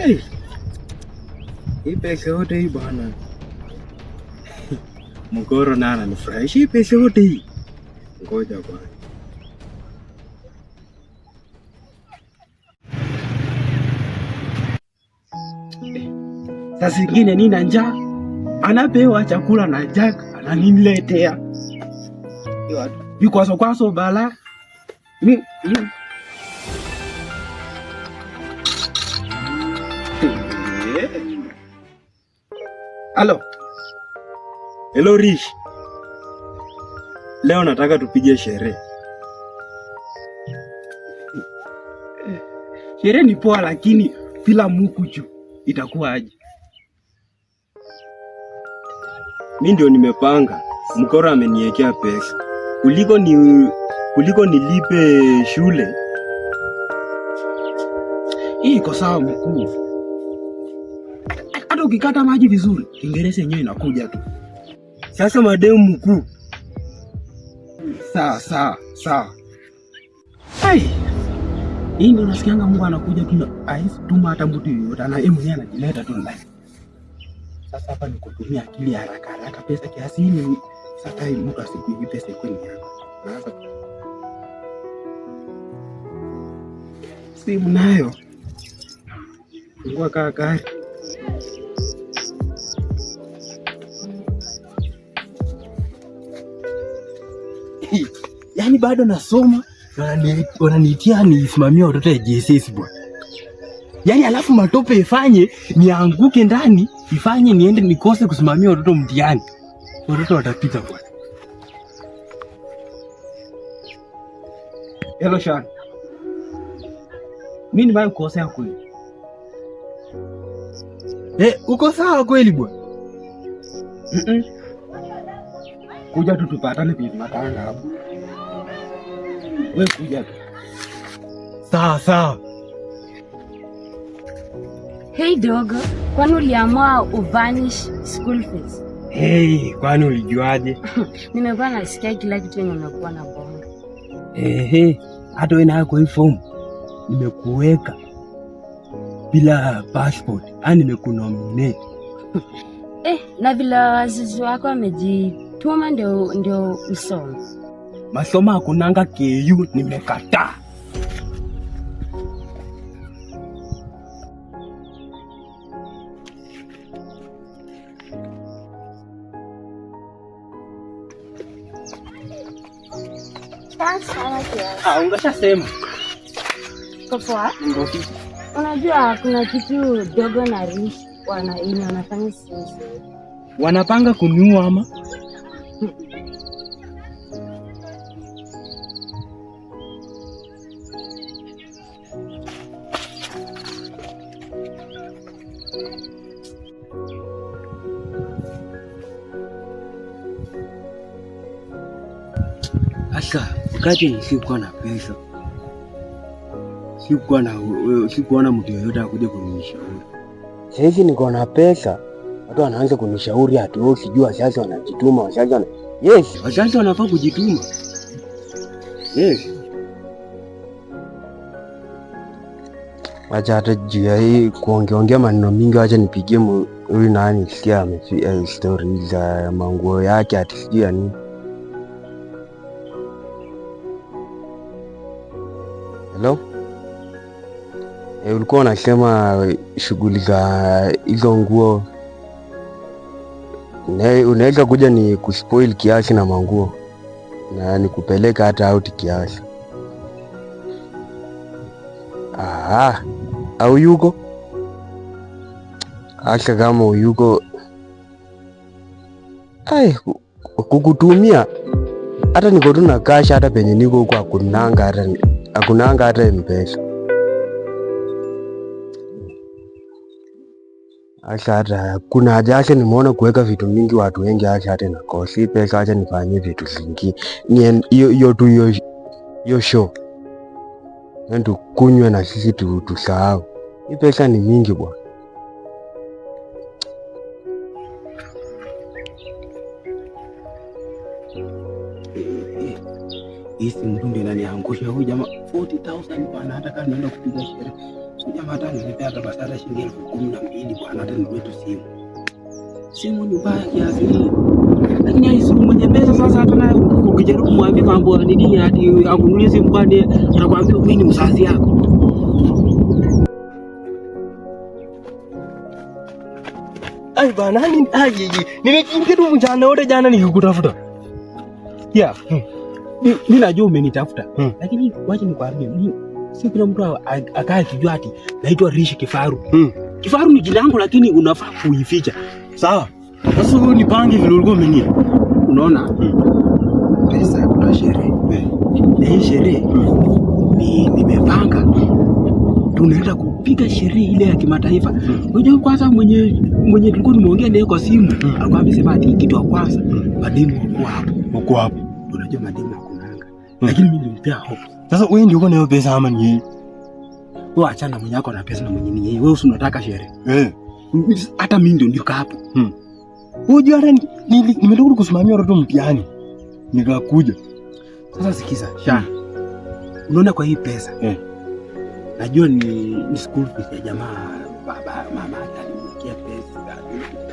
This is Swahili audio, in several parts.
Hey. Hii pesa yote hii bwana. Mgoro nana nifurahishi hii pesa yote hii. Ngoja bwana. Sasa ingine nina njaa. Anapewa chakula na Jack ananiletea. Yiko kwaso kwaso bala. Mi, Halo. Hello Rich. Leo nataka tupige sherehe. Sherehe ni poa lakini bila mukuchu itakuwa aje? Mimi ndio nimepanga. Mkora ameniwekea pesa. Kuliko ni kuliko nilipe shule. Hii iko sawa mkuu ukikata maji vizuri, ingereza yenyewe inakuja tu. Sasa mademu mkuu, sawa sawa sawa. Hii ndio nasikianga Mungu anakuja tu aisituma hata mtu yoyote, na yeye mwenyewe anajileta tu. Sasa hapa ni kutumia akili haraka haraka, pesa kiasi hili. Sasa hii mtu asikuibi pesa kweli yako, simu nayo fungua kaa gari bado nasoma wananiitia nisimamia watoto ya JSS bwana. Yaani alafu matope ifanye nianguke ndani, ifanye niende nikose kusimamia watoto mtihani. Watoto watapita bwana. Hello Sean. Mimi nimewahi kukosea kweli. Eh, uko sawa kweli bwana? Mm -mm. Kuja tutupatane pia matanga hapo. Wewe kuja. Sawa sawa. Hey dogo, kwani uliamua uvanish school fees? Hey, kwani ulijuaje? Nimekuwa nasikia kila kitu yenye umekuwa na bonga. Ehe, hata wewe nayo kwa form nimekuweka bila passport, yaani nimekunomine Eh, na vile wazazi wako wamejituma ndio ndio usome Masomo akunanga KU nimekataa. Ah, ungeshasema ah? unajua, kuna kitu dogo na Rishi wanafanya, wanapanga kuniua ama Sasa wakati nisikuwa na pesa, sikuwa na sikuwa na mtu yoyote akuja kunishauri. sahizi niko na pesa, watu wanaanza kunishauri ati wewe oh, sijui, wazazi wanajituma, wazazi wana yes, wazazi wanafaa kujituma yes. Wacha hata juu ya hii kuongeongea maneno mingi, wacha nipigie huyu nani, sikia story za manguo yake ati sijui ya nini ulikuwa unasema shughuli za hizo nguo unaweza kuja ni kuspoil kiasi na manguo na nikupeleka hata out kiasi. Aha, au yuko hata kama uyuko ai kukutumia hata niko tu na kasha hata penye niko huko akunanga hata akunanga hata mpesa Acha hata kuna haja, acha nimeona kuweka vitu mingi, watu wengi, acha hata kosi pesa, acha nifanye vitu vingi, hiyo tu hiyo show kunywa na sisi tusahau. Hii pesa ni mingi bwana. Hii si mtu ndio ananiangusha huyu jamaa 40000 bwana, hata kama naenda kupiga sherehe Jamaa hata nilipea tabasa hata shilingi elfu kumi na mbili bwana, hata niwetu simu simu ni baya kiasi hii, lakini aisimu mwenye pesa sasa. Hata naye ukijaribu kumwambia mambo nini, ati akunulie simu kwani atakwambia mimi ni mzazi yako. Ai bana, nini aje? Nimekimbia tu mjana wote jana nikikutafuta. Yeah. Hmm. Mimi najua umenitafuta. Hmm. Lakini wacha nikwambie mimi Si kila mtu akaa akijua ati naitwa Rishi Kifaru. Mm. Kifaru ni jina langu lakini unafaa kuificha. Sawa. Sasa ni nipange vile ulikuwa umenia. Unaona? Mm. Pesa kuna sherehe. Hmm. Na hii sherehe ni nimepanga. Tunaenda kupiga sherehe ile ya kimataifa. Hmm. Unajua kwanza mwenye mwenye tulikuwa tumeongea naye kwa simu, hmm. alikuwa amesema ati kitu ya kwanza, madini wako hapo. Wako hapo. Unajua madini hakunanga. Lakini mimi nilipea hope. Sasa wewe ndio uko na pesa ama ni yeye? Wewe na mwenye yako na pesa na mwenye ni yeye. Wewe usinataka sherehe. Eh. Hata mimi ndio ndio hapo. Hmm. Unajua hata nimetoka kusimamia watoto mtihani. Nikakuja. Sasa sikiza, Sha. Unaona kwa hii pesa? Eh. Najua ni, ni school fees ya jamaa baba mama aliniwekea pesa.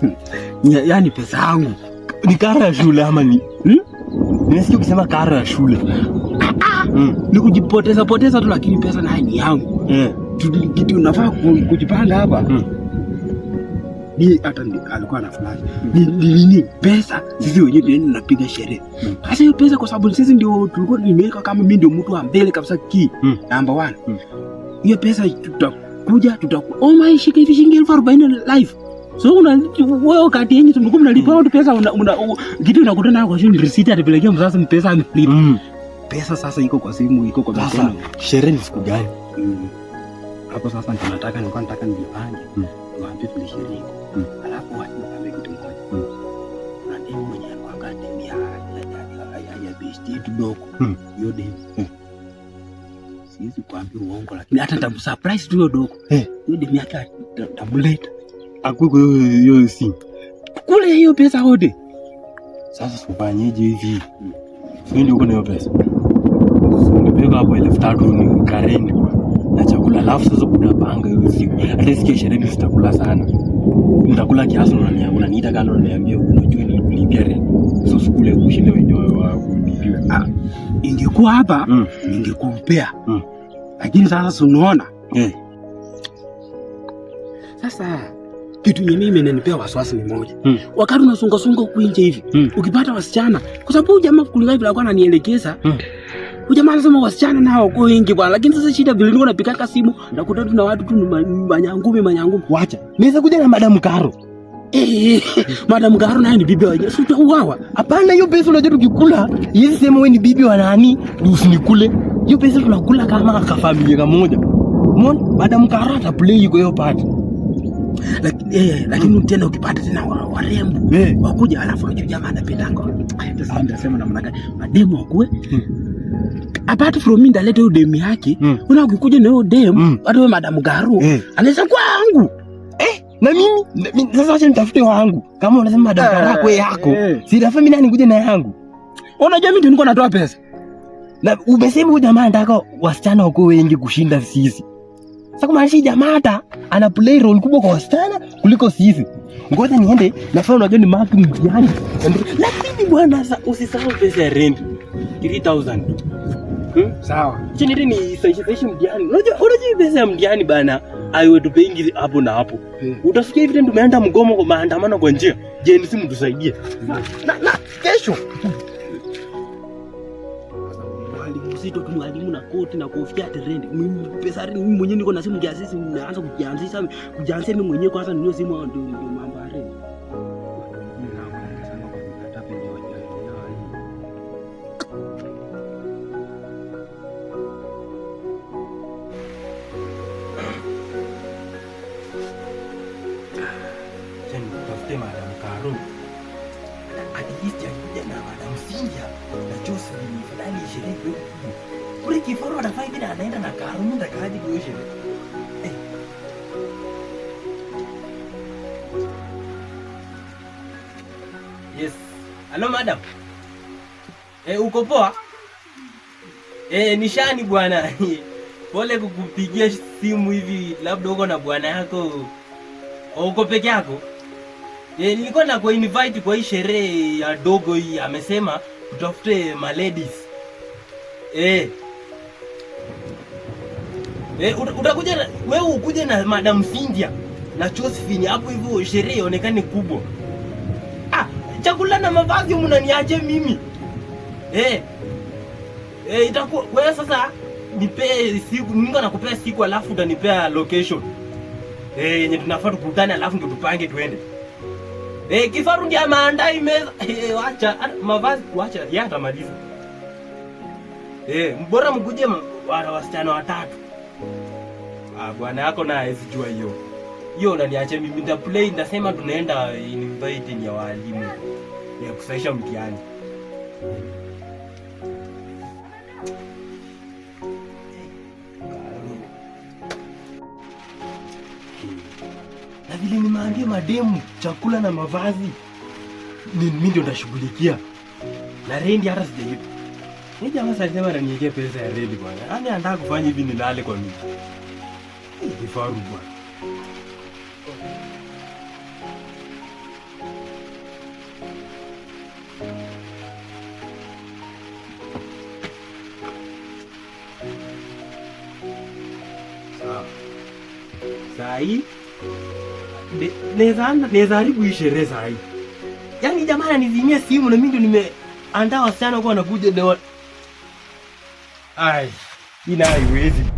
Hmm. yani pesa yangu. Ni karo ya shule ama ni? Hmm? Nimesikia ukisema karo ya shule mm. ni kujipoteza poteza tu, lakini pesa naye ni yangu yeah. Kitu unafaa kujipanda hapa mm. ni hata alikuwa na fulani ni nini pesa, sisi wenyewe ndio tunapiga sherehe mm. sasa mm. hiyo pesa, kwa sababu sisi ndio tulikuwa tumeweka kama mimi ndio mtu wa mbele kabisa ki mm. namba 1 mm. hiyo pesa tutakuja tutaku oh my shika hivi shilingi elfu arobaini live So una wewe kati yenyewe tumekuwa mnalipa mm. watu pesa una, una, una kitu unakutana nako kwa ni receipt atapelekea mzazi mpesa ni flip. Pesa sasa iko kwa simu, iko kwa mkono. Sherehe ni siku gani? Mm. Hapo sasa ndio nataka nilikuwa nataka nijipange. Mm. Waambie tulishiriki. Mm. Alafu watu wame kitu moja. Na demu mwenye alikuwa demu ya ya ya besti yetu doko Hiyo demu. Siwezi kuambia uongo lakini hata nitamu surprise tu hiyo doko eh. Hiyo demu yake tamleta. Akuko hiyo simu. Kule hiyo pesa hodi. Sasa sifanyeje hivi? Sio ndio kuna hiyo pesa unapeleka hapo elfu tatu ni karini na chakula, alafu sasa kuna panga hiyo siku. Hata siku ishirini sitakula sana, nitakula kiasi. Unaniita kando, unaniambia unajua nilikulipia rent, so sikule ushinde wenyewe wa kulipiwa. Ah, ingekuwa hapa mm. ningekumpea mm. mm. lakini sasa si unaona eh. sasa kitu yenye mimi inanipea wasiwasi ni moja. mm. Wakati unasunga sunga huku nje hivi, mm. Ukipata wasichana kwa sababu jamaa kulingana vile alikuwa ananielekeza, mm. Ujamaa anasema wasichana nao wako wengi bwana, lakini sasa shida vile ndio niko napikaka simu na kutatu na watu tu manyangumi manyangumi. Wacha. Niweza kuja na Madam Karo. Eh, eh, eh, Madam Karo naye ni bibi wa Yesu utauawa. Hapana, hiyo pesa unajua tukikula, yeye sema wewe ni bibi wa nani? Usinikule. Hiyo pesa tunakula kama kafamilia moja. Umeona? Madam Karo ata play iko hiyo part. Lakini eh, eh, lakini mm, tena ukipata tena warembo wakuja, alafu unajua jamaa anapendanga. Ah. Sasa ndasema namna gani? Mademu akuwe hmm apart from mimi ndalete hiyo demu yake mm. una ukikuja na hiyo demu mm. hata wewe madam Garu eh. anaweza kuwa wangu eh, na mimi sasa acha nitafute wangu kama unasema madam eh, Garu yako yako eh. si rafiki mimi nani kuja na yangu unajua mimi ndio niko natoa pesa na umesema huyu jamaa anataka wasichana wako wengi kushinda sisi sasa kumaanisha jamaa hata ana play role kubwa kwa wasichana kuliko sisi ngoja niende nafaa unajua ni mapi mjani lakini bwana usisahau pesa ya rent 3000 Sawa. Chini ni saishi saishi mdiani. Unajua unajua pesa ya mdiani bana. Aiwe tupe ingi hapo na hapo. Hmm. Eh. Utafikia hivi ndio umeenda mgomo kwa maandamano kwa njia. Je, ni simu tusaidie. Hmm. Na, na, kesho. Mwalimu sito tu mwalimu na koti na kofia trendi. Mimi pesa mimi mwenyewe niko na simu kiasi simu naanza kujianzisha kujianzisha mimi mwenyewe kwanza ninyo simu ndio mambo. ඉදිරි anaenda na කරුණු දැකාති ගෝෂද Yes. Hello madam. Eh, uko poa? Eh, nishani bwana. Pole kukupigia simu hivi, labda uko na bwana yako. Uko peke yako? Eh, nilikuwa na ku invite kwa hii sherehe ya dogo hii. Amesema tutafute maladies. Eh, Eh, utakuja wewe ukuje na Madam Cynthia na Josephine hapo hivyo sherehe ionekane kubwa. Ah, chakula na mavazi mnaniache mimi? Eh. Eh, itakuwa wewe sasa nipe siku ningo nakupea siku alafu utanipea location. Eh, yenye tunafaa tukutane alafu ndio tupange twende. Eh, kifaru ndiye maandai meza. Eh, acha mavazi kuacha yatamaliza. Eh, mbora mkuje wasichana watatu. Ah, bwana yako na hawezi hiyo. Hiyo unaniacha mimi nda play ndasema tunaenda invite ni ya walimu. Ya kusaisha mtihani. Na vile nimeambia mademu chakula na mavazi ni mimi ndio ndashughulikia. Na rendi hata sijaipa. Ni jamaa sasa pesa ya rendi bwana. ani anataka kufanya hivi nilale kwa mimi. Kifaru bwana. Saa hii naweza haribu hii sherehe saa Yaani jamaa ananizimia simu na mimi ndo nimeandaa wasichana kwa wanakuja. Ai, ina haiwezi.